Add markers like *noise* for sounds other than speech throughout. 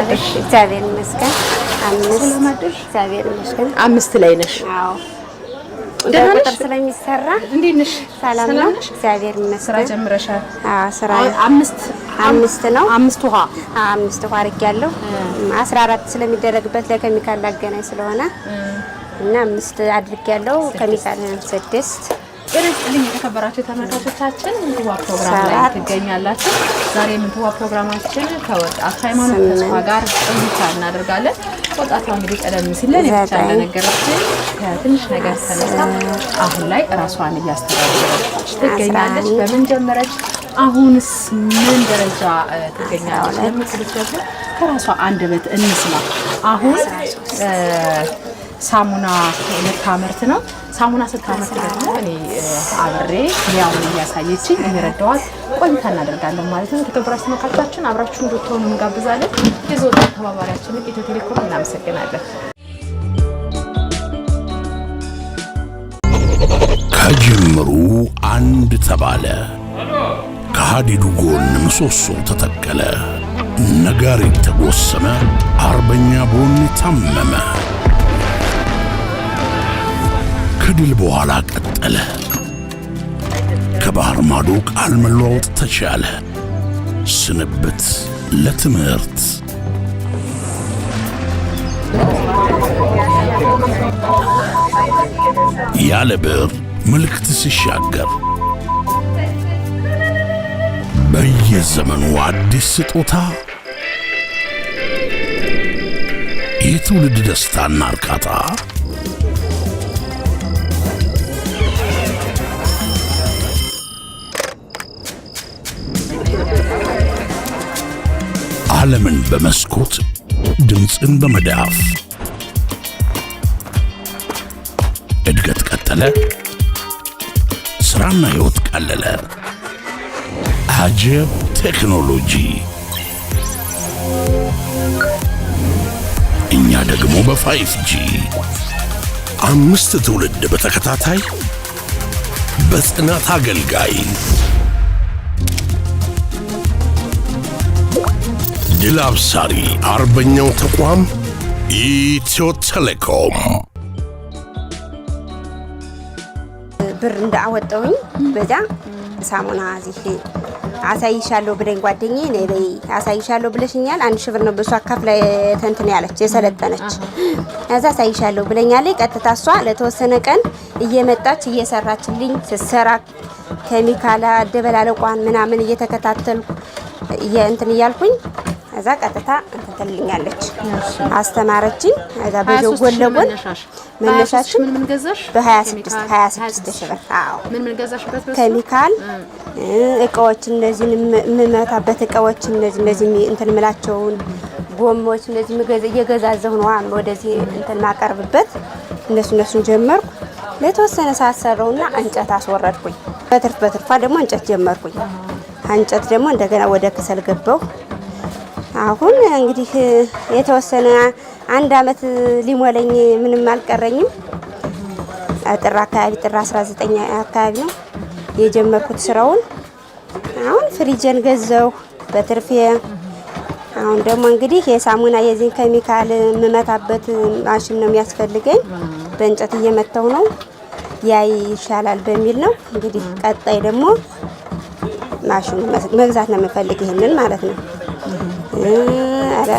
መጣለሽ? እግዚአብሔር ይመስገን እግዚአብሔር ይመስገን። አምስት ላይ ነሽ? አዎ ቁጥር ስለሚሰራ እንዴት ነሽ? ሰላም ነው እግዚአብሔር ይመስገን። ስራ ጀምረሻል? አዎ ስራ አምስት አምስት ነው አምስት ውሃ አምስት ውሃ አድርጊያለሁ። አስራ አራት ስለሚደረግበት ለኬሚካል ላገናኝ ስለሆነ እና አምስት ኬሚካል ስድስት ጤና የተከበራችሁ ተመልካቾቻችን ምንትዋ ፕሮግራም ላይ ትገኛላችሁ። ዛሬ የምንትዋ ፕሮግራማችን ከወጣት ሃይማኖት ተስፋ ጋር ቆይታ እናደርጋለን። ወጣቷ እንግዲህ ቀደም ሲል ብቻ እንደነገረችን ከትንሽ ነገር ተነሳ አሁን ላይ እራሷን እያስተዳደረች ትገኛለች። በምን ጀመረች? አሁንስ ምን ደረጃ ትገኛለች? ለምትሉት ከራሷ አንደበት እንስማ። አሁን ሳሙና ልታመርት ነው ሳሙና ስታመርት ደግሞ እኔ አብሬ ሙያውን እያሳየችኝ እየረዳዋት ቆይታ እናደርጋለን ማለት ነው። የተከበራችሁ ተመልካቾቻችን አብራችሁ እንድትሆኑ እንጋብዛለን። የዘወጣ ተባባሪያችንን ኢትዮ ቴሌኮም እናመሰግናለን። ከጅምሩ አንድ ተባለ፣ ከሀዲዱ ጎን ምሰሶ ተተከለ፣ ነጋሪት ተጎሰመ፣ አርበኛ ቦን ታመመ ከድል በኋላ ቀጠለ። ከባህር ማዶ ቃል መለዋወጥ ተቻለ። ስንብት ለትምህርት ያለ ብር ምልክት ሲሻገር በየዘመኑ አዲስ ስጦታ የትውልድ ደስታና እርካታ ዓለምን በመስኮት ድምፅን በመዳፍ እድገት ቀጠለ፣ ሥራና ሕይወት ቀለለ። አጀብ ቴክኖሎጂ! እኛ ደግሞ በፋይፍ ጂ አምስት ትውልድ በተከታታይ በጽናት አገልጋይ ድል አብሳሪ አርበኛው ተቋም ኢትዮ ቴሌኮም ብር እንዳወጣሁኝ በዛ ሳሙና እዚህ አሳይሻለሁ ብለኝ ጓደኛዬ ነይ በይ አሳይሻለሁ ብለሽኛል። አንድ ሽብር ብር ነው በሷ አካፍላ ተንትን ያለች የሰለጠነች ከዛ አሳይሻለሁ ብለኛለች። ቀጥታ እሷ ለተወሰነ ቀን እየመጣች እየሰራችልኝ ስትሰራ ኬሚካል ደበላለቋን ምናምን እየተከታተልኩ እንትን እያልኩኝ ከዛ ቀጥታ እንትን ትልኛለች አስተማረችኝ። እዛ በጆ ጎን ለጎን መነሻችን ምን ምን ገዛሽ? በ26 26 ሺህ ብር። አዎ ምን ምን ገዛሽበት? ኬሚካል እቃዎች፣ እነዚህ የምመታበት እቃዎች፣ እነዚህ እነዚህ እንትን የምላቸውን ጎማዎች፣ እነዚህ እየገዛዘሁ ነው ወደዚህ እንትን ማቀርብበት እነሱ እነሱን ጀመርኩ። ለተወሰነ ሰዓት ሰራውና እንጨት አስወረድኩኝ። በትርፍ በትርፋ ደግሞ እንጨት ጀመርኩኝ። እንጨት ደግሞ እንደገና ወደ ክሰል ገባሁ። አሁን እንግዲህ የተወሰነ አንድ አመት ሊሞለኝ ምንም አልቀረኝም። ጥር አካባቢ ጥር 19 አካባቢ ነው የጀመርኩት ስራውን። አሁን ፍሪጀን ገዘው በትርፌ አሁን ደግሞ እንግዲህ የሳሙና የዚህን ኬሚካል የምመታበት ማሽን ነው የሚያስፈልገኝ። በእንጨት እየመታው ነው ያይ ይሻላል በሚል ነው እንግዲህ ቀጣይ ደግሞ ማሽኑ መግዛት ነው የምፈልግ ይሄንን ማለት ነው። ኧረ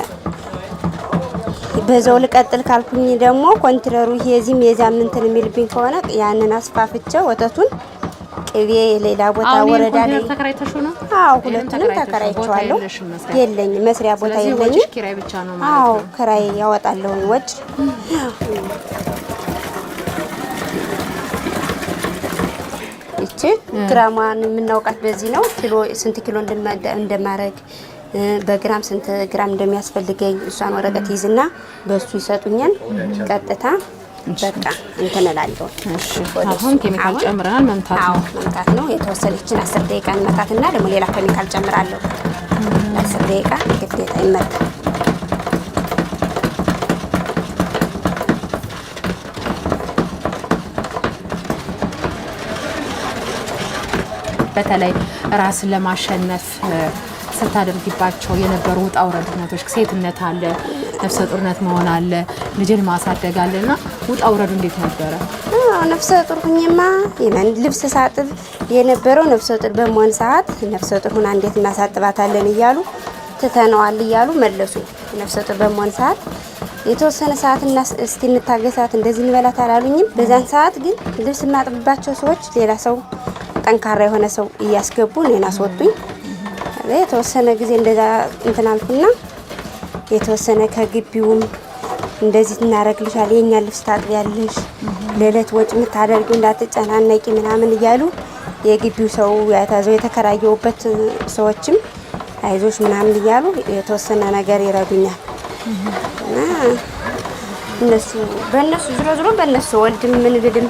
በዛው ልቀጥል ካልኩኝ ደግሞ ኮንትረሩ ይሄ እዚህም የዚያም እንትን የሚልብኝ ከሆነ ያንን አስፋፍቸው ወተቱን ቅቤ ሌላ ቦታ ወረዳ ላይ ተከራይተሽ ነው? አዎ ሁለቱንም ተከራይቸዋለሁ። የለኝ መስሪያ ቦታ የለኝም። ኪራይ ብቻ ነው ማለት ነው። አዎ ኪራይ ያወጣለሁ ወጭ ይቺ ግራሟን የምናውቃት በዚህ ነው። ኪሎ ስንት ኪሎ እንደማረግ በግራም ስንት ግራም እንደሚያስፈልገኝ እሷን ወረቀት ይዝና በሱ ይሰጡኛል። ቀጥታ በቃ እንትን እላለሁ። አሁን ኬሚካል ጨምረናል። መምታት ነው መምታት ነው። የተወሰነችን አስር ደቂቃ እንመታትና ደግሞ ሌላ ኬሚካል ጨምራለሁ። አስር ደቂቃ ግዴታ ይመታል። በተለይ ራስን ለማሸነፍ ስታደርጊባቸው የነበሩ ውጣ ውረድ ሴትነት አለ፣ ነፍሰ ጡርነት መሆን አለ፣ ልጅን ማሳደግ አለ እና ውጣ ውረዱ እንዴት ነበረ? ነፍሰ ጡር ሁኜማ ልብስ ሳጥብ የነበረው ነፍሰ ጡር በመሆን ሰዓት ነፍሰ ጡር ሁና እንዴት እናሳጥባታለን እያሉ ትተነዋል እያሉ መለሱ። ነፍሰ ጡር በመሆን ሰዓት የተወሰነ ሰዓት እና እስቲ እንታገሳት እንደዚህ እንበላት አላሉኝም። በዛን ሰዓት ግን ልብስ የማጥብባቸው ሰዎች ሌላ ሰው ጠንካራ የሆነ ሰው እያስገቡ እኔን አስወጡኝ። የተወሰነ ጊዜ እንደዛ እንትናልኩና የተወሰነ ከግቢውም እንደዚህ እናረግልሻል፣ የኛ ልብስ ታጥቢያለሽ፣ ለዕለት ወጪ የምታደርጊው እንዳትጨናነቂ ምናምን እያሉ የግቢው ሰው ያታዘው የተከራየውበት ሰዎችም አይዞች ምናምን እያሉ የተወሰነ ነገር ይረዱኛል እና እነሱ በእነሱ ዝሮ ዝሮ በእነሱ ወልድም ምንግድም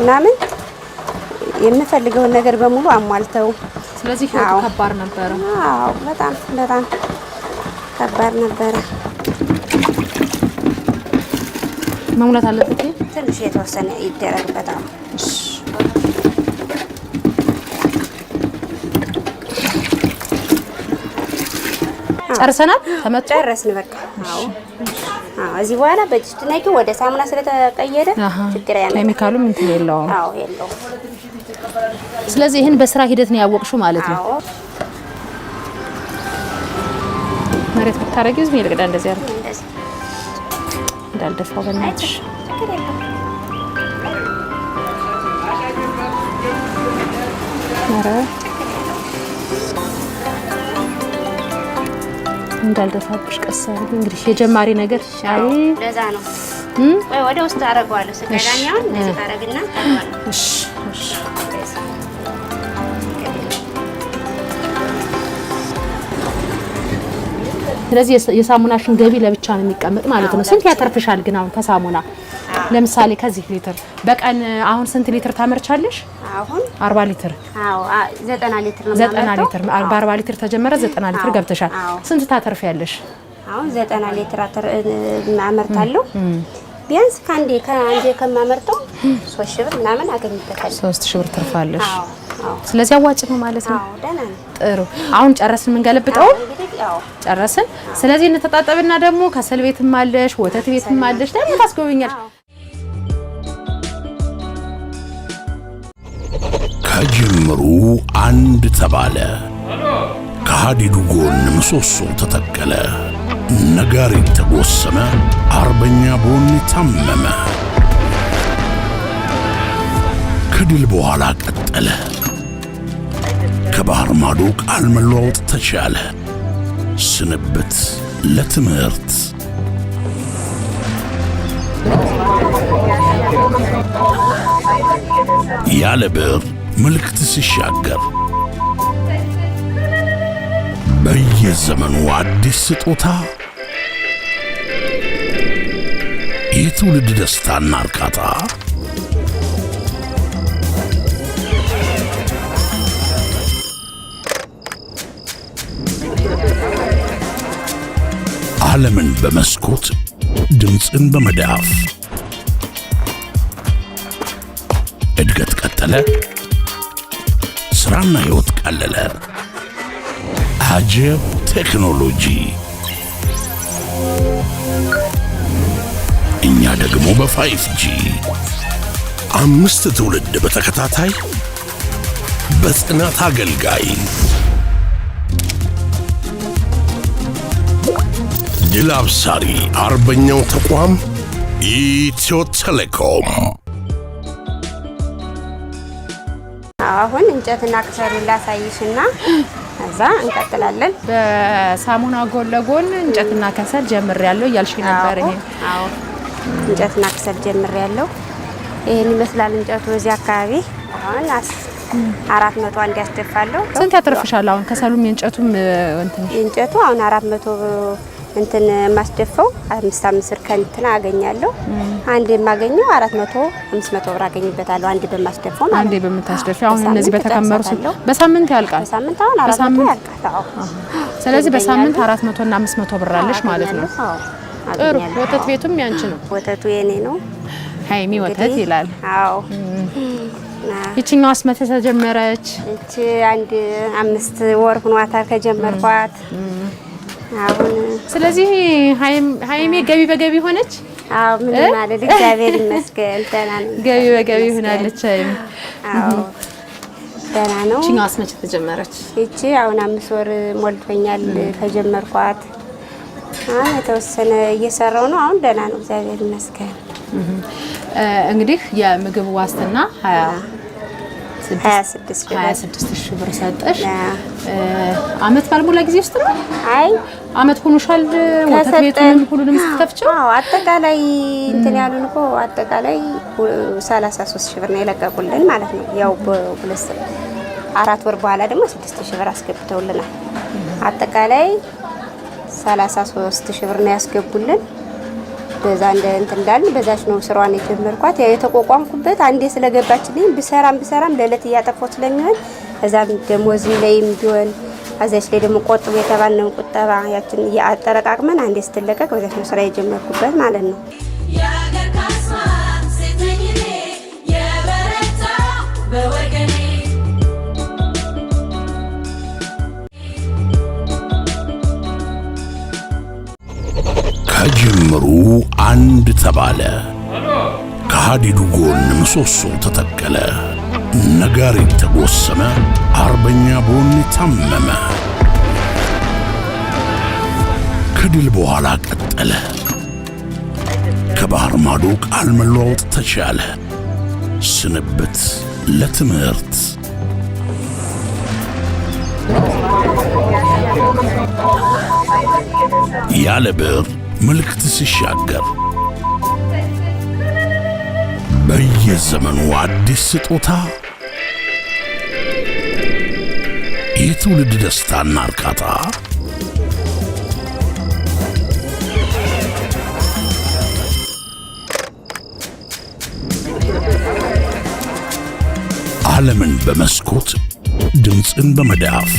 ምናምን የምፈልገውን ነገር በሙሉ አሟልተው። ስለዚህ ህይወቱ ከባድ ነበረ። አዎ በጣም በጣም ከባድ ነበረ። መሙላት አለበት። ትንሽ የተወሰነ ይደረግበታል። ጨርሰናል። ተመቶ ጨረስን። በቃ አዎ፣ አዎ። እዚህ በኋላ በጅት ነቂ ወደ ሳሙና ስለተቀየረ ችግር ያለ ኬሚካሉም እንትን የለውም። አዎ፣ የለውም። ስለዚህ ይህን በስራ ሂደት ነው ያወቅሽው ማለት ነው። መሬት ብታረጊ ዝም ይልቅዳ እንደዚህ አርግ እንዳልደፋው በእናትሽ ኧረ እንዳልደፋብሽ ቀስ አድርጊ። እንግዲህ የጀማሪ ነገር ሻይ ለዛ ነው። ወይ ወደ ውስጥ አደርገዋለሁ። ስጋዳኛውን እንደዚህ ታደርግና እሺ፣ እሺ ስለዚህ የሳሙናሽን ገቢ ለብቻ ነው የሚቀመጥ ማለት ነው። ስንት ያተርፍሻል ግን አሁን ከሳሙና ለምሳሌ ከዚህ ሊትር በቀን አሁን ስንት ሊትር ታመርቻለሽ? አሁን 40 ሊትር። አዎ 90 ሊትር ነው። 90 ሊትር በ40 ሊትር ተጀመረ 90 ሊትር ገብተሻል። ስንት ታተርፊያለሽ? አሁን 90 ሊትር አመርታለሁ። ቢያንስ ከአንዴ ከአንዴ ከማመርተው 3 ሺህ ብር ምናምን አገኝበታለሁ። 3 ሺህ ብር ትርፋለሽ። ስለዚህ አዋጭ ነው ማለት ነው። ጥሩ አሁን ጨረስን። የምንገለብጠው ጨረስን። ስለዚህ እንተጣጠብና ደግሞ ከሰል ቤትም አለሽ፣ ወተት ቤትም አለሽ፣ ደግሞ ታስጎበኛለሽ። ከጅምሩ አንድ ተባለ። ከሃዲዱ ጎን ምሰሶ ተተከለ። ነጋሪት ተጎሰመ። አርበኛ ቦን ታመመ። ከድል በኋላ ቀጠለ። ከባህር ማዶ ቃል መለዋወጥ ተቻለ። ስንብት ለትምህርት ያለ ብር መልእክት ሲሻገር በየዘመኑ አዲስ ስጦታ የትውልድ ደስታና እርካታ ዓለምን በመስኮት ድምፅን በመዳፍ እድገት ቀጠለ። ስራና ህይወት ቀለለ። አጀብ ቴክኖሎጂ እኛ ደግሞ በፋይፍ ጂ አምስት ትውልድ በተከታታይ በጽናት አገልጋይ ድል አብሳሪ አርበኛው ተቋም ኢትዮ ቴሌኮም አሁን እንጨትና ቅሰሩ ላሳይሽና እዛ እንቀጥላለን። በሳሙና ጎን ለጎን እንጨትና ከሰል ጀምር ያለው እያልሽ ነበር። ይሄ አዎ፣ እንጨትና ከሰል ያለው ይሄን ይመስላል እንጨቱ እዚህ አካባቢ አሁን አስ አራት መቶ አንድ ያስደፋለሁ። ስንት ያትርፍሻል? አሁን ከሰሉም የእንጨቱም እንትን እንጨቱ አሁን አራት መቶ እንትን የማስደፋው አምስት አምስት ብር ከእንትን አገኛለሁ። አንድ የማገኘው አራት መቶ አምስት መቶ ብር አገኝበታለሁ። አንድ በማስደፈው ማለት አንዴ በምታስደፊው አሁን እነዚህ በተከመሩ በሳምንት ያልቃል። በሳምንት አሁን አራት መቶ ያልቃል። አዎ ስለዚህ በሳምንት አራት መቶ እና አምስት መቶ ብር አለሽ ማለት ነው። ጥሩ ወተት ቤቱም ያንቺ ነው። ወተቱ የኔ ነው። ሀይሚ ወተት ይላል። አዎ ይችኛዋስ መቼ ተጀመረች? እቺ አንድ አምስት ወር ሆኗታል ከጀመርኳት ስለዚህ ሀይሜ ገቢ በገቢ ሆነች። አዎ ምንም ማለት እግዚአብሔር ይመስገን ገቢ በገቢ ሆናለች። ሀይሜ ደህና ነው። እቺኛዋስ መቼ ተጀመረች? እቺ አሁን አምስት ወር ሞልቶኛል ተጀመርኳት። የተወሰነ እየሰራው ነው። አሁን ደህና ነው እግዚአብሔር ይመስገን። እንግዲህ የምግብ ዋስትና 26 ሺህ ብር ሰጠሽ። አመት ባልሞላ ጊዜ ውስጥ ነው? አይ አመት ሆኖሻል። ወተት ቤቱንም ሁሉንም ስትከፍቸው? አዎ አጠቃላይ እንትን ያሉን እኮ አጠቃላይ 33 ሺህ ብር ነው የለቀቁልን ማለት ነው። ያው በሁለት አራት ወር በኋላ ደግሞ 6 ሺህ ብር አስገብተውልናል። አጠቃላይ 33 ሺህ ብር ነው ያስገቡልን። በዛ እንደ እንትን እንዳልን በዛች ነው ስራዋን የጀመርኳት። ያው የተቋቋምኩበት አንዴ ስለገባችልኝ ብሰራም ብሰራም ለዕለት እያጠፋሁ ስለሚሆን እዛም ደሞዝም ላይም ቢሆን አዛች ላይ ደግሞ ቆጥቡ የተባልነው ቁጠባ ያችን አጠረቃቅመን አንዴ ስትለቀቅ በዛች ነው ስራ የጀመርኩበት ማለት ነው። ተባለ። ከሃዲዱ ጎን ምሰሶ ተተከለ። ነጋሪት ተጎሰመ። አርበኛ ቦን ታመመ። ከድል በኋላ ቀጠለ። ከባህር ማዶ ቃል መለዋወጥ ተቻለ። ስንብት ለትምህርት ያለ ብር ምልክት ሲሻገር በየዘመኑ አዲስ ስጦታ፣ የትውልድ ደስታና እርካታ ዓለምን በመስኮት ድምፅን በመዳፍ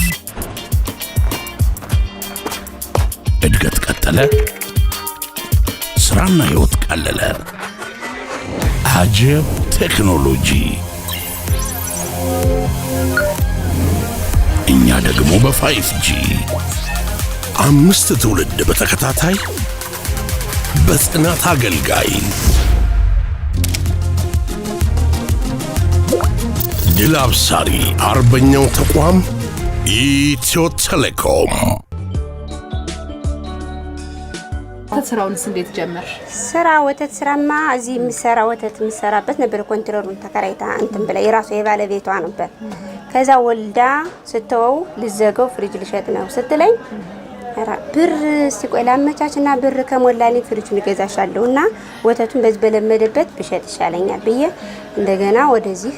እድገት ቀጠለ። ስራና ህይወት ቀለለ። አጀብ ቴክኖሎጂ እኛ ደግሞ በፋይፍ ጂ አምስት ትውልድ በተከታታይ በጽናት አገልጋይ ድል አብሳሪ አርበኛው ተቋም ኢትዮ ቴሌኮም ወተት ስራውንስ እንዴት ጀመር? ስራ ወተት ስራማ እዚህ የምሰራ ወተት የምሰራበት ነበር። ኮንትሮሉን ተከራይታ እንትን ብላ የራሷ የባለቤቷ ነበር። ከዛ ወልዳ ስትወው ልዘገው ፍሪጅ ልሸጥ ነው ስትለኝ ብር ሲቆይ ላመቻችና ብር ከሞላልኝ ፍሪጁን እገዛሻለሁ እና ወተቱን በዚህ በለመደበት ብሸጥ ይሻለኛል ብዬ እንደገና ወደዚህ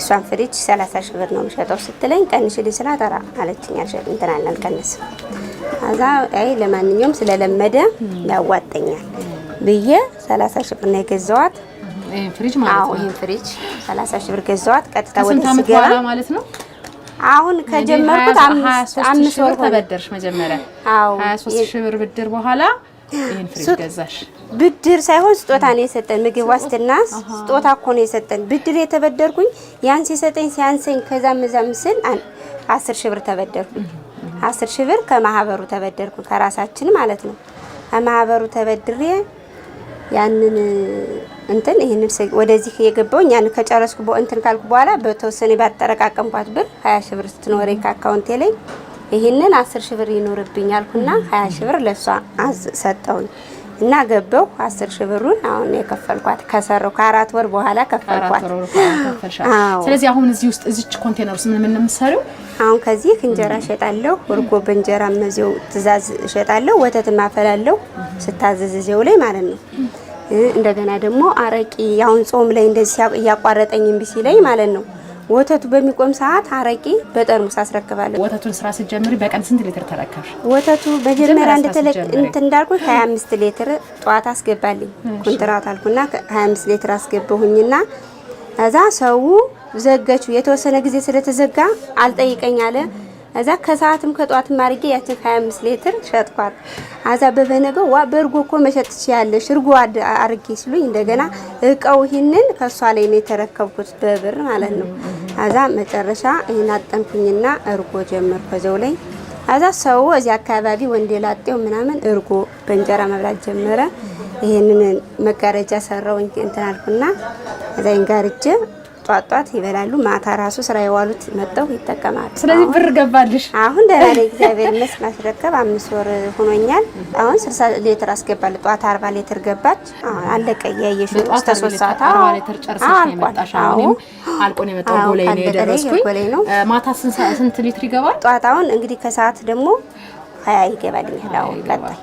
እሷን ፍሪጅ 30 ሺህ ብር ነው የምሸጠው ስትለኝ ቀንሽልኝ ስላት ኧረ አለችኝ። አልሸጥ እንትን ቀንስ አዛ አይ ለማንኛውም ስለለመደ ያዋጠኛል ብዬ 30 ሺህ ብር ነው የገዛዋት። ይሄን ፍሪጅ ማለት ነው። ይሄን ፍሪጅ 30 ሺህ ብር ገዛዋት። ቀጥታ ወደ ሲገባ ማለት ነው። አሁን ከጀመርኩት ተበደርሽ። መጀመሪያ አዎ 23 ሺህ ብር ብድር በኋላ ይሄን ፍሪጅ ገዛሽ። ብድር ሳይሆን ስጦታ ነው የሰጠን። ምግብ ዋስትና ስጦታ እኮ ነው የሰጠን። ብድር የተበደርኩኝ ያን ሲሰጠኝ ሲያንሰኝ ከዛም እዛም ስል ሺህ ብር ተበደርኩኝ። አስር ሺህ ብር ከማህበሩ ተበደርኩ ከራሳችን ማለት ነው። ከማህበሩ ተበድሬ ያንን እንትን ይህንን ወደዚህ የገባውኝ ያንን ከጨረስኩ እንትን ካልኩ በኋላ በተወሰነ ባጠረቃቀምኳት ብር ሀያ ሺህ ብር ስትኖረ ከአካውንቴ ላይ ይህንን አስር ሺህ ብር ይኖርብኝ አልኩና ሀያ ሺህ ብር ለእሷ ሰጠውኝ። እና ገባሁ አስር ሺህ ብሩን አሁን የከፈልኳት ከሰሩ ከአራት ወር በኋላ ከፈልኳት። ስለዚህ አሁን እዚህ ውስጥ እዚች ኮንቴነር ውስጥ ምን ምን ነው የምትሰሪው? አሁን ከዚህ እንጀራ እሸጣለሁ፣ እርጎ በእንጀራ መዚው ትእዛዝ እሸጣለሁ፣ ወተት ማፈላለሁ ስታዘዝ እዚያው ላይ ማለት ነው። እንደገና ደግሞ አረቂ አሁን ጾም ላይ እንደዚህ እያቋረጠኝ እምቢ ሲለኝ ማለት ነው ወተቱ በሚቆም ሰዓት አረቄ በጠርሙስ አስረክባለሁ። ወተቱን ስራ ስትጀምሪ በቀን ስንት ሊትር ተረከብሽ? ወተቱ መጀመሪያ እንዳልኩ 25 ሊትር ጠዋት አስገባልኝ ኮንትራት አልኩና 25 ሊትር አስገባሁኝና እዛ ሰው ዘገችው የተወሰነ ጊዜ ስለተዘጋ አልጠይቀኝ አለ። እዛ ከሰዓትም ከጧትም አድርጌ ያችን 25 ሊትር ሸጥኳት። አዛ በበነገው ዋ በእርጎ እኮ መሸጥ ትችያለሽ እርጎ አድርጌ ሲሉኝ እንደገና እቃው ይህንን ከሷ ላይ ነው የተረከብኩት በብር ማለት ነው። አዛ መጨረሻ ይህን አጠንኩኝና እርጎ ጀመርኩ ከዚያው ላይ አዛ ሰው እዚህ አካባቢ ወንዴ ላጤው ምናምን እርጎ በእንጀራ መብላት ጀመረ። ይሄንን መጋረጃ ሰራው እንትን አልኩና እዛ ይንጋርጀ ጧት ጧት ይበላሉ፣ ማታ ራሱ ስራ የዋሉት መጠው ይጠቀማሉ። ስለዚህ ብር ገባልሽ? አሁን ደህና ነኝ እግዚአብሔር ይመስገን። ማስረከብ አምስት ወር ሆኖኛል። አሁን 60 ሊትር አስገባል። ጧት አርባ ሊትር ገባች። አለቀ። እያየሽ እስከ ሶስት ሰዓት አርባ ጨርሰሽ ነው የመጣሽ? አሁን አልቆ ነው የመጣው። ጎላይ ነው የደረስኩኝ። ማታ ስንት ሊትር ይገባል? ጧት አሁን እንግዲህ ከሰዓት ደግሞ ሀያ ይገባልኛል። አሁን ቀጣይ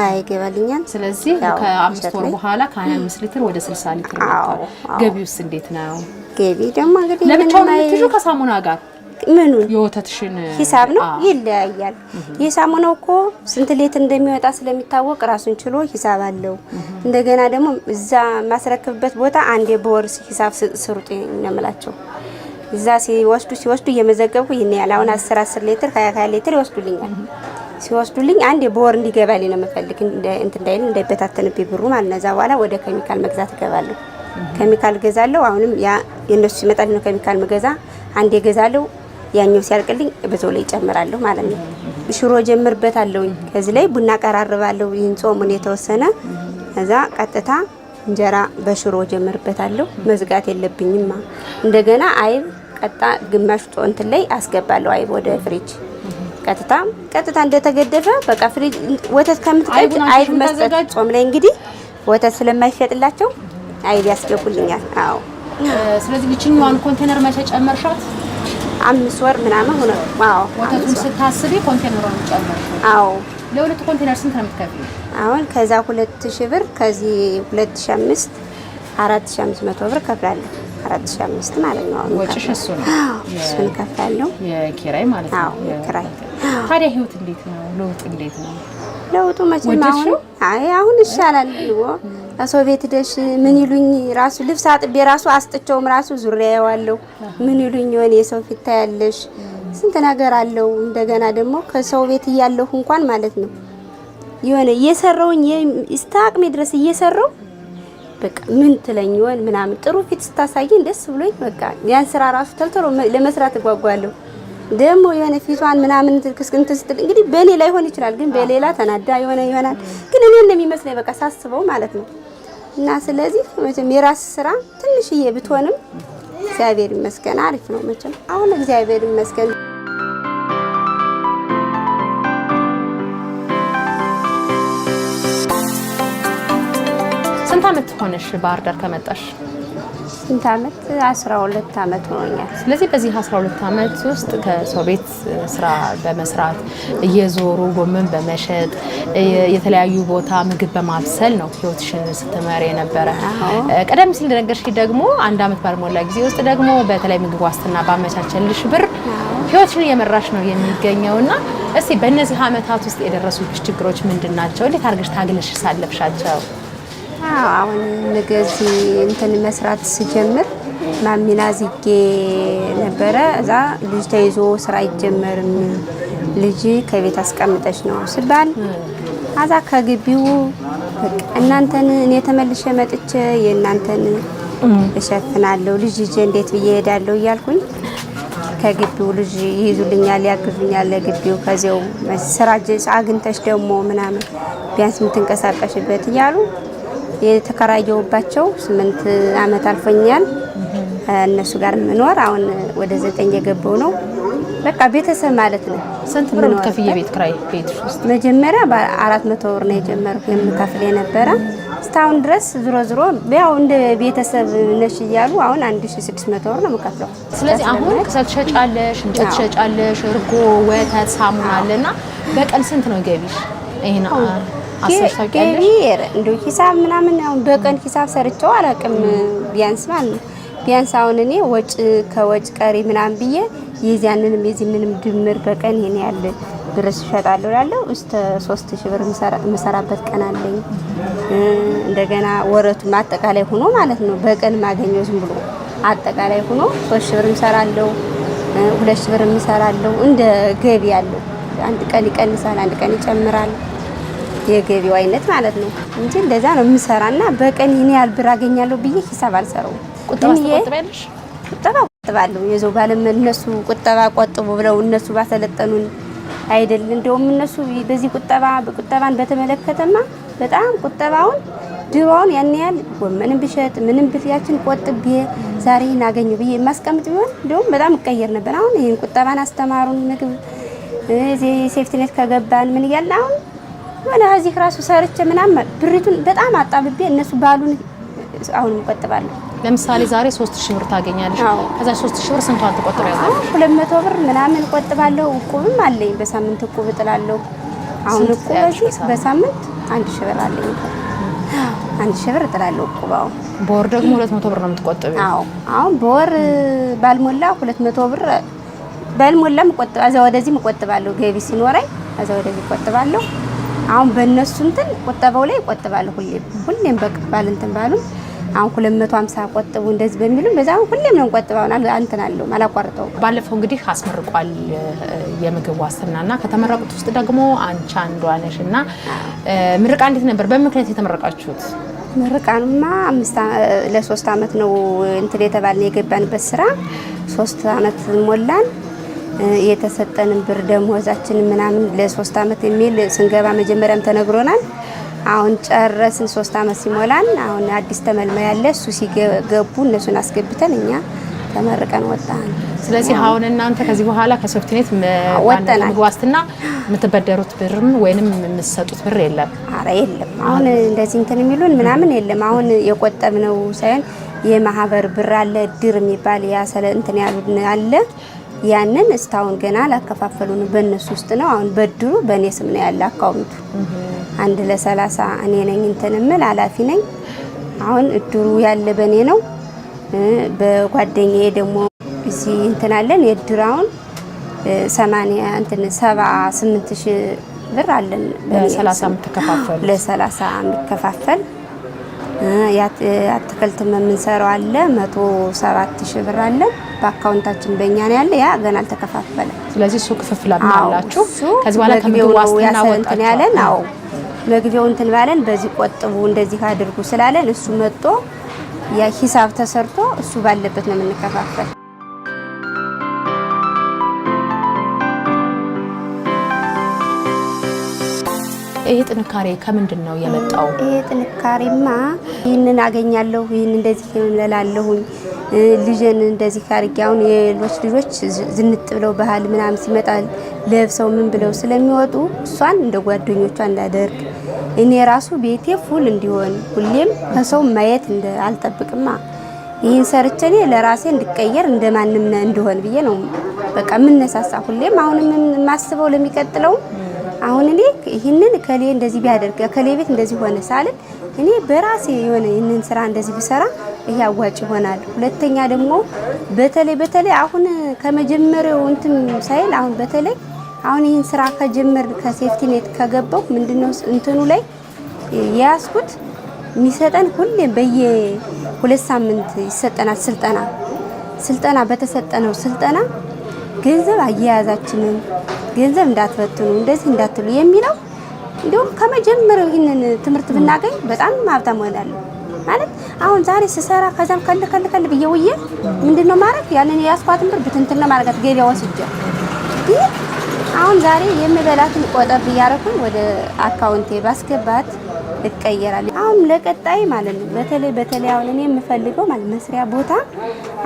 ሀያ *gasps* ይገባልኛል። ስለዚህ ከአምስት ወር በኋላ ከሀያ አምስት ሊትር ወደ ስልሳ ሊትር ገቢውስ እንዴት ነው? ገቢ ደግሞ እንግዲህ ለብቻው የምትይዙ ከሳሙና ጋር ምኑ የወተትሽን ሂሳብ ነው ይለያያል። የሳሙናው እኮ ስንት ሌት እንደሚወጣ ስለሚታወቅ ራሱን ችሎ ሂሳብ አለው። እንደገና ደግሞ እዛ ማስረክብበት ቦታ አንዴ በወር ሂሳብ ስሩጥ ነው እዛ ሲወስዱ ሲወስዱ እየመዘገብኩ ይህን ያለ አሁን አስር አስር ሌትር ሀያ ሀያ ሌትር ይወስዱልኛል። ሲወስዱልኝ አንዴ በወር እንዲገባልኝ ነው የምፈልግ እንትን እንዳይል እንዳይበታተንብኝ ብሩ ማለት ነው። እዛ በኋላ ወደ ኬሚካል መግዛት እገባለሁ። ኬሚካል ገዛለሁ። አሁንም ያ የነሱ ሲመጣልኝ ነው ኬሚካል መገዛ። አንዴ ገዛለሁ፣ ያኛው ሲያልቅልኝ በዛው ላይ ይጨምራለሁ ማለት ነው። ሽሮ ጀምርበታለሁኝ። ከዚህ ላይ ቡና ቀራርባለሁ። ይህን ጾሙን የተወሰነ ከዛ ቀጥታ እንጀራ በሽሮ ጀምርበታለሁ። መዝጋት የለብኝም። እንደገና አይብ ቀጣ ግማሽ እንትን ላይ አስገባለሁ። አይብ ወደ ፍሪጅ ቀጥታ ቀጥታ እንደተገደፈ በቃ ፍሪጅ ወተት ከምትቀጭ አይብ መስጠት ጾም ላይ እንግዲህ ወተት ስለማይሸጥላቸው አይዲ ያስገቡልኛል። አዎ። ስለዚህ ይችኛዋን ኮንቴነር መቼ ጨመርሻት? አምስት ወር ምናምን ሆነ። አዎ። ወተቱን ስታስቢ ኮንቴነሩን ጨመርሽ? አዎ። ለሁለቱ ኮንቴነር ስንት ነው የምትከፍይው? አሁን ከዛ 2000 ብር ከዚህ 2005 4500 ብር ከፍላለሁ። 4500 ማለት ነው። ወጪሽ እሱ ነው። እሱን ከፍላለሁ። የኪራይ ማለት ነው። አዎ፣ የኪራይ። ታዲያ ህይወት እንዴት ነው? ለውጥ እንዴት ነው? ለውጡ መቼም አሁን አይ አሁን ይሻላል። ሰው ቤት ደሽ ምን ይሉኝ ራሱ ልብስ አጥቤ ራሱ አስጥቸውም ራሱ ዙሪያ ያዋለሁ ምን ይሉኝ የሆነ የሰው ፊት ያለሽ ስንት ነገር አለው። እንደገና ደግሞ ከሰው ቤት እያለሁ እንኳን ማለት ነው የሆነ እየሰራውኝ እስከ አቅሜ ድረስ እየሰራው በቃ ምን ትለኝ ይሆን ምናምን ጥሩ ፊት ስታሳየኝ ደስ ብሎኝ በቃ ያን ስራ ራሱ ተልተሮ ለመስራት እጓጓለሁ። ደግሞ የሆነ ፊቷን ምናምን እንትን ስትል እንግዲህ በእኔ ሆን ይችላል፣ ግን በሌላ ተናዳ የሆነ ይሆናል። ግን እኔ እንደሚመስለኝ በቃ ሳስበው ማለት ነው። እና ስለዚህ መቼም የራስ ስራ ትንሽዬ ብትሆንም እግዚአብሔር ይመስገን አሪፍ ነው። መቼም አሁን እግዚአብሔር ይመስገን ስንት አመት ሆነሽ ባህር ዳር ከመጣሽ? ስንት ዓመት? 12 ዓመት ሆኖኛል። ስለዚህ በዚህ 12 ዓመት ውስጥ ከሰው ቤት ስራ በመስራት እየዞሩ ጎመን በመሸጥ የተለያዩ ቦታ ምግብ በማብሰል ነው ህይወትሽን ስትመሪ የነበረ። ቀደም ሲል እንደነገርሽ ደግሞ አንድ ዓመት ባልሞላ ጊዜ ውስጥ ደግሞ በተለይ ምግብ ዋስትና ባመቻቸልሽ ብር ህይወትሽን እየመራሽ ነው የሚገኘው እና እስቲ በእነዚህ ዓመታት ውስጥ የደረሱች ችግሮች ምንድን ናቸው? እንዴት አድርገሽ ታግለሽ ሳለፍሻቸው? አሁን እንደዚህ እንትን መስራት ስጀምር ማሚና ዝጌ ነበረ። እዛ ልጅ ተይዞ ስራ አይጀመርም ልጅ ከቤት አስቀምጠች ነው ስባል አዛ ከግቢው እናንተን እኔ ተመልሼ መጥቼ የእናንተን እሸፍናለሁ ልጅ ይዤ እንዴት ብዬ እሄዳለሁ እያልኩኝ ከግቢው ልጅ ይይዙልኛል፣ ያግዙኛል። ለግቢው ከዚያው ስራ አግኝተሽ ደግሞ ምናምን ቢያንስ የምትንቀሳቀሽበት እያሉ የተከራየውባቸው ስምንት አመት አልፎኛል እነሱ ጋር ምኖር አሁን ወደ ዘጠኝ የገባው ነው። በቃ ቤተሰብ ማለት ነው። ስንት ብር ነው ከፍዬ ቤት ክራይ ቤት ውስጥ መጀመሪያ በአራት መቶ ብር ነው የጀመርኩ የምከፍል የነበረ እስካሁን ድረስ ዞሮ ዞሮ ያው እንደ ቤተሰብ ነሽ እያሉ አሁን 1600 ብር ነው የምከፍለው። ስለዚህ አሁን ከሰል ትሸጫለሽ፣ እንጨት ትሸጫለሽ፣ እርጎ፣ ወተት፣ ሳሙና አለና በቀን ስንት ነው ገቢሽ? ይሄ ገቢ እንደው ሂሳብ ምናምን አሁን በቀን ሂሳብ ሰርቸው አላውቅም። ቢያንስ ማለት ነው ቢያንስ አሁን እኔ ወጭ ከወጭ ቀሪ ምናምን ብዬ የዚያንንም የዚህንንም ድምር በቀን ይሄን ያህል ብር እሸጣለሁ እላለሁ። እስከ ሶስት ብር የምሰራበት ቀን አለኝ። እንደገና ወረቱም አጠቃላይ ሆኖ ማለት ነው በቀን ማገኘው ዝም ብሎ አጠቃላይ ሆኖ ሶስት ሺህ ብር እሰራለሁ፣ ሁለት ብር እሰራለሁ። እንደ ገቢ ያለው አንድ ቀን ይቀንሳል፣ አንድ ቀን ይጨምራል። የገቢው አይነት ማለት ነው እንጂ እንደዛ ነው የምሰራና በቀን ይህን ያህል ብር አገኛለሁ ብዬ ሂሳብ አልሰራውም። ቁጠባ ቆጥባለሁ። የዞ ባለም እነሱ ቁጠባ ቆጥቡ ብለው እነሱ ባሰለጠኑን አይደል? እንደውም እነሱ በዚህ ቁጠባ ቁጠባን በተመለከተማ በጣም ቁጠባውን ድሮውን ያን ያህል ጎመንም ብሸጥ ምንም ብል ያችን ቆጥቤ ዛሬ ይህን አገኘ ብዬ የማስቀምጥ ቢሆን እንዲሁም በጣም እቀየር ነበር። አሁን ይህን ቁጠባን አስተማሩን ምግብ ሴፍቲኔት ከገባን ምን እያለ አሁን የሆነ እዚህ ራሱ ሰርቼ ምናምን ብሪቱን በጣም አጣብቤ እነሱ ባሉን አሁን እንቆጥባለሁ። ለምሳሌ ዛሬ ሶስት ሺህ ብር ታገኛለሽ። ከዛ ሶስት ብር ስንቷን ትቆጥሪያለሽ? ሁለት መቶ ብር ምናምን እቆጥባለሁ። እቁብም አለኝ በሳምንት እቁብ እጥላለሁ። አሁን እቁብ በሳምንት አንድ ብር አለኝ። አንድ ሺህ ብር እጥላለሁ እቁብ። አሁን በወር ደግሞ ሁለት ብር ነው የምትቆጥቢው? አዎ አሁን በወር ባልሞላ ሁለት ብር ባልሞላም እቆጥባለሁ። እዛ ወደዚህም እቆጥባለሁ። ገቢ ሲኖረኝ እዛ ወደዚህ እቆጥባለሁ። አሁን በእነሱ እንትን ቆጠበው ላይ እቆጥባለሁ ሁሌም ሁሌም በቅባል እንትን ባሉ አሁን 250 ቆጥቡ እንደዚህ በሚሉም በዛ ሁሌም ነው ቆጥባው እንትን አለው አላቋርጠው። ባለፈው እንግዲህ አስመርቋል የምግብ ዋስትናና ከተመረቁት ውስጥ ደግሞ አንቺ አንዷ ነሽ እና ምርቃ እንዴት ነበር? በምን ምክንያት የተመረቃችሁት? ምርቃኑማ ለሶስት አመት ነው እንትን የተባልን የገባንበት ስራ ሶስት አመት ሞላን። የተሰጠንን ብር ደሞዛችን ምናምን ለሶስት አመት የሚል ስንገባ መጀመሪያም ተነግሮናል። አሁን ጨረስን። ሶስት አመት ሲሞላን አሁን አዲስ ተመልማ ያለ እሱ ሲገቡ እነሱን አስገብተን እኛ ተመርቀን ወጣን። ስለዚህ አሁን እናንተ ከዚህ በኋላ ከሶፍትኔት ወጠናል። ዋስትና የምትበደሩት ብርም ወይንም የምትሰጡት ብር የለም። አረ የለም። አሁን እንደዚህ እንትን የሚሉን ምናምን የለም። አሁን የቆጠብነው ሳይሆን የማህበር ብር አለ፣ ድር የሚባል ያሰለ እንትን ያሉን አለ ያንን እስታውን ገና አላከፋፈሉን። በእነሱ ውስጥ ነው አሁን በድሩ በእኔ ስም ነው ያለ አካውንቱ። አንድ ለሰላሳ እኔ ነኝ እንትን እምል ኃላፊ ነኝ። አሁን እድሩ ያለ በእኔ ነው። በጓደኛዬ ደግሞ እዚህ እንትን አለን የእድር አሁን ሰማንያ እንትን ሰባ ስምንት ሺህ ብር አለን ለሰላሳ የሚከፋፈል አትክልትም የምንሰራው አለ መቶ ሰባት ሺህ ብር አለ በአካውንታችን በእኛ ነው ያለ። ያ ገና አልተከፋፈለም። ስለዚህ እሱ ክፍፍል አላችሁ። ከዚህ በኋላ ከምግብ ዋስትና ያለን። አዎ እንትን ባለን በዚህ ቆጥቡ እንደዚህ አድርጉ ስላለን እሱ መጥቶ ያ ሂሳብ ተሰርቶ እሱ ባለበት ነው የምንከፋፈል። ይሄ ጥንካሬ ከምንድን ነው የመጣው? ይሄ ጥንካሬማ ይህንን አገኛለሁ፣ ይህን እንደዚህ እላለሁኝ፣ ልጅን እንደዚህ አድርጌ አሁን የሌሎች ልጆች ዝንጥ ብለው ባህል ምናምን ሲመጣ ለብሰው ምን ብለው ስለሚወጡ እሷን እንደ ጓደኞቿ እንዳደርግ እኔ ራሱ ቤቴ ፉል እንዲሆን ሁሌም ከሰው ማየት አልጠብቅማ ይህን ሰርቼ እኔ ለራሴ እንድቀየር እንደማንም እንደሆን ብዬ ነው በቃ የምነሳሳ ሁሌም አሁንም የማስበው ለሚቀጥለው አሁን እኔ ይህንን ከሌ እንደዚህ ቢያደርግ ከሌ ቤት እንደዚህ ሆነ ሳልን እኔ በራሴ የሆነ ይህንን ስራ እንደዚህ ብሰራ ይሄ አዋጭ ይሆናል። ሁለተኛ ደግሞ በተለይ በተለይ አሁን ከመጀመሪያው እንትን ሳይል አሁን በተለይ አሁን ይህን ስራ ከጀመር ከሴፍቲ ኔት ከገባው ምንድነው እንትኑ ላይ የያዝኩት የሚሰጠን ሁሌም በየ ሁለት ሳምንት ይሰጠናል ስልጠና ስልጠና በተሰጠነው ስልጠና ገንዘብ አያያዛችንን ገንዘብ እንዳትበትኑ እንደዚህ እንዳትሉ የሚለው እንዲሁም ከመጀመሪያው ይህንን ትምህርት ብናገኝ በጣም ሀብታም እሆናለሁ። ማለት አሁን ዛሬ ስሰራ ከዛም ከል ከል ከል ብዬ ውዬ ምንድን ነው ማድረግ ያንን የያዝኳትን ብር ብትንትን ለማድረጋት ገቢያ ወስጄ ግን አሁን ዛሬ የምበላትን ቆጠብ እያደረኩኝ ወደ አካውንቴ ባስገባት እቀየራል። አሁን ለቀጣይ ማለት ነው። በተለይ በተለይ አሁን እኔ የምፈልገው ማለት መስሪያ ቦታ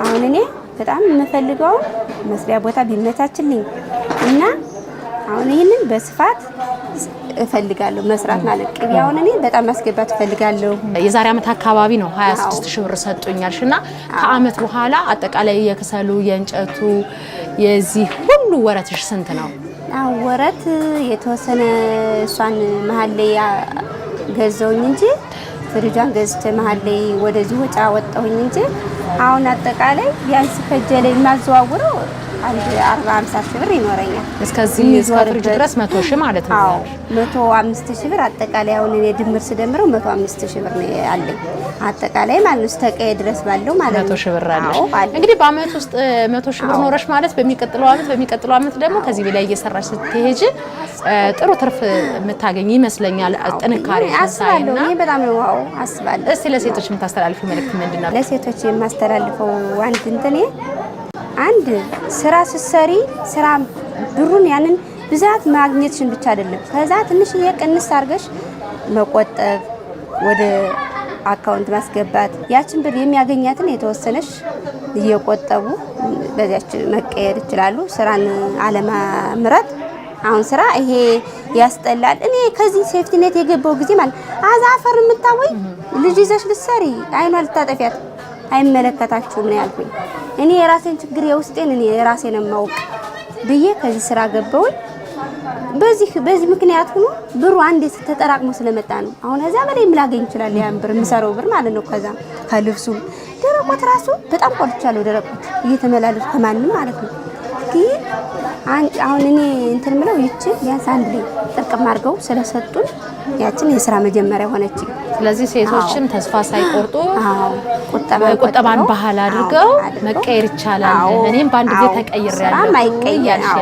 አሁን እኔ በጣም የምፈልገውን መስሪያ ቦታ ቢመቻችልኝ እና አሁን ይህንን በስፋት እፈልጋለሁ መስራት ማለት ቅቤ አሁን እኔ በጣም ማስገባት እፈልጋለሁ። የዛሬ ዓመት አካባቢ ነው 26 ሺህ ብር ሰጡኛልሽ እና ከአመት በኋላ አጠቃላይ የክሰሉ የእንጨቱ የዚህ ሁሉ ወረትሽ ስንት ነው? ወረት የተወሰነ እሷን መሀል ላይ ገዘውኝ እንጂ ፍሪጇን ገዝቼ መሀል ላይ ወደዚህ ወጪ አወጣሁኝ እንጂ አሁን አጠቃላይ ቢያንስ ፈጀ ላይ አንድ አርባ ሃምሳ ሺህ ብር ይኖረኛል። እስከዚህ እስከ ፍሪጅ ድረስ መቶ ሺህ ማለት ነው። መቶ አምስት ሺህ ብር አጠቃላይ አሁን እኔ ድምር ስደምረው መቶ አምስት ሺህ ብር ነው ያለኝ አጠቃላይ ማለት ነው። እስከ ቀዬ ድረስ ባለው ማለት ነው መቶ ሺህ ብር አለሽ። እንግዲህ በአመት ውስጥ መቶ ሺህ ብር ኖረሽ ማለት በሚቀጥለው አመት በሚቀጥለው አመት ደግሞ ከዚህ በላይ እየሰራሽ ስትሄጂ ጥሩ ትርፍ የምታገኝ ይመስለኛል። ጥንካሬ አስባለሁ እኔ በጣም ነው ዋው አስባለሁ። እስቲ ለሴቶች የምታስተላልፊው መልእክት ምንድን ነው? ለሴቶች የማስተላልፈው አንድ እንትኔ አንድ ስራ ስትሰሪ ስራ ብሩን ያንን ብዛት ማግኘትሽን ብቻ አይደለም፣ ከዛ ትንሽ የቅንስ አድርገሽ መቆጠብ ወደ አካውንት ማስገባት ያችን ብር የሚያገኛትን የተወሰነች እየቆጠቡ በዚያች መቀየር ይችላሉ። ስራን አለማምረት አሁን ስራ ይሄ ያስጠላል። እኔ ከዚህ ሴፍቲኔት የገባው ጊዜ ማለት አዛፈር የምታወይ ልጅ ይዘሽ ልትሰሪ አይኗ ልታጠፊያት አይመለከታችሁም ነው ያልኩኝ። እኔ የራሴን ችግር የውስጤን እኔ የራሴን የማውቅ ብዬ ከዚህ ስራ ገባሁኝ። በዚህ በዚህ ምክንያት ሆኖ ብሩ አንዴ ተጠራቅሞ ስለመጣ ነው። አሁን እዛ በላይ ምላገኝ ይችላል። ያን ብር የምሰራው ብር ማለት ነው። ከዛ ከልብሱ ደረቆት ራሱ በጣም ቆርቻለሁ። ደረቆት እየተመላለስ ከማንም ማለት ነው። ግን አሁን እኔ እንትን ምለው ይቺ ቢያንስ አንድ ላይ ጥርቅም አድርገው ስለሰጡን ያችን የስራ መጀመሪያ ሆነች። ስለዚህ ሴቶችም ተስፋ ሳይቆርጡ ቁጠባን ባህል አድርገው መቀየር ይቻላል። እኔም በአንድ ጊዜ ተቀይሬያለሁ እያልሽ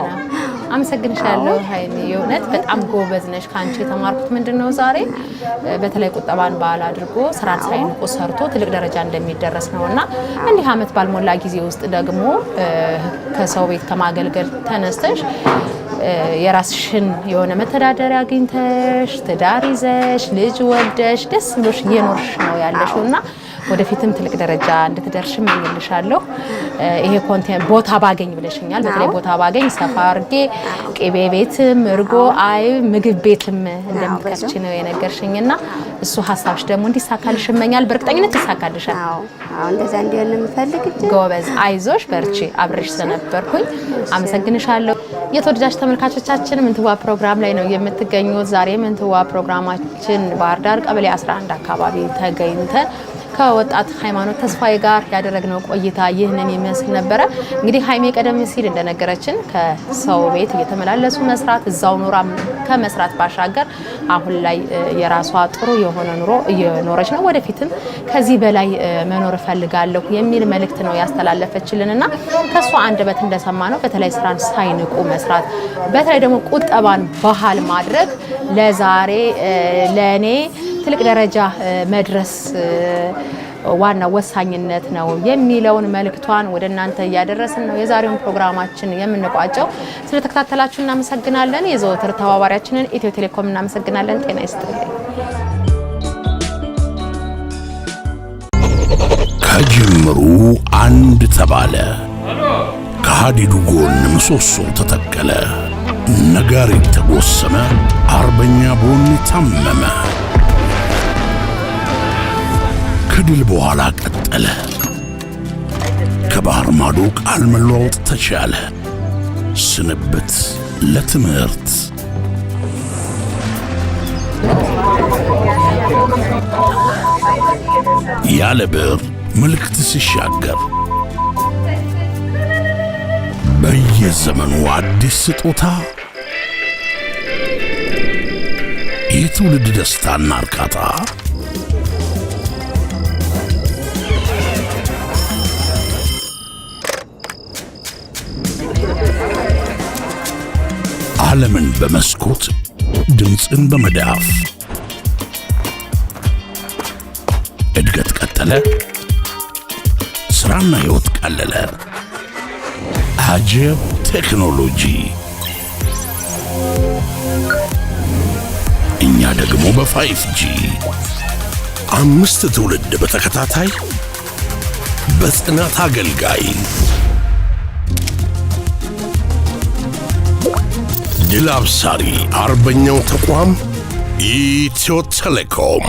አመሰግንሻለሁ ሀይሚ፣ የእውነት በጣም ጎበዝ ነሽ። ከአንቺ የተማርኩት ምንድን ነው ዛሬ በተለይ ቁጠባን ባህል አድርጎ ስራን ሳይንቁ ሰርቶ ትልቅ ደረጃ እንደሚደረስ ነው እና እንዲህ አመት ባልሞላ ጊዜ ውስጥ ደግሞ ከሰው ቤት ከማገልገል ተነስተሽ የራስሽን የሆነ መተዳደሪያ አግኝተሽ ትዳር ይዘሽ ልጅ ወልደሽ ደስ ብሎሽ እየኖርሽ ነው ያለሽው እና ወደፊትም ትልቅ ደረጃ እንድትደርሽም እመኝልሻለሁ። ይሄ ኮንቴንት ቦታ ባገኝ ብለሽኛል። በተለይ ቦታ ባገኝ ሰፋ አድርጌ ቅቤ ቤትም እርጎ አይ ምግብ ቤትም እንደምትከፍቺ ነው የነገርሽኝና እሱ ሀሳብሽ ደግሞ እንዲሳካልሽ እመኛል። በእርግጠኝነት ይሳካልሻል። አዎ እንደዛ እንዲሆን የምፈልግ ጎበዝ፣ አይዞሽ፣ በርቺ። አብሬሽ ስለነበርኩኝ አመሰግንሻለሁ። የተወደዳችሁ ተመልካቾቻችን ምንትዋ ፕሮግራም ላይ ነው የምትገኙት። ዛሬ ምንትዋ ፕሮግራማችን ባህር ዳር ቀበሌ 11 አካባቢ ተገኝተን ከወጣት ሃይማኖት ተስፋዬ ጋር ያደረግነው ቆይታ ይህንን የሚመስል ነበረ። እንግዲህ ሀይሜ ቀደም ሲል እንደነገረችን ከሰው ቤት እየተመላለሱ መስራት እዛው ኑራ ከመስራት ባሻገር አሁን ላይ የራሷ ጥሩ የሆነ ኑሮ እየኖረች ነው። ወደፊትም ከዚህ በላይ መኖር እፈልጋለሁ የሚል መልእክት ነው ያስተላለፈችልን እና ከእሷ አንደበት እንደሰማ ነው በተለይ ስራን ሳይንቁ መስራት፣ በተለይ ደግሞ ቁጠባን ባህል ማድረግ ለዛሬ ለእኔ ትልቅ ደረጃ መድረስ ዋና ወሳኝነት ነው የሚለውን መልእክቷን ወደ እናንተ እያደረስን ነው የዛሬውን ፕሮግራማችን የምንቋጨው። ስለተከታተላችሁ እናመሰግናለን። የዘወትር ተባባሪያችንን ኢትዮ ቴሌኮም እናመሰግናለን። ጤና ይስጥልኝ። ከጅምሩ አንድ ተባለ፣ ከሃዲዱ ጎን ምሰሶ ተተከለ፣ ነጋሪት ተጎሰመ፣ አርበኛ ቦን ታመመ ከድል በኋላ ቀጠለ። ከባህር ማዶ ቃል መለዋወጥ ተቻለ። ስንብት ለትምህርት ያለ ብር ምልክት ሲሻገር በየዘመኑ አዲስ ስጦታ የትውልድ ደስታና እርካታ ዓለምን በመስኮት ድምፅን በመዳፍ እድገት ቀጠለ፣ ሥራና ሕይወት ቀለለ። አጀብ ቴክኖሎጂ! እኛ ደግሞ በፋይፍ ጂ አምስት ትውልድ በተከታታይ በጽናት አገልጋይ ድል አብሳሪ አርበኛው ተቋም ኢትዮ ቴሌኮም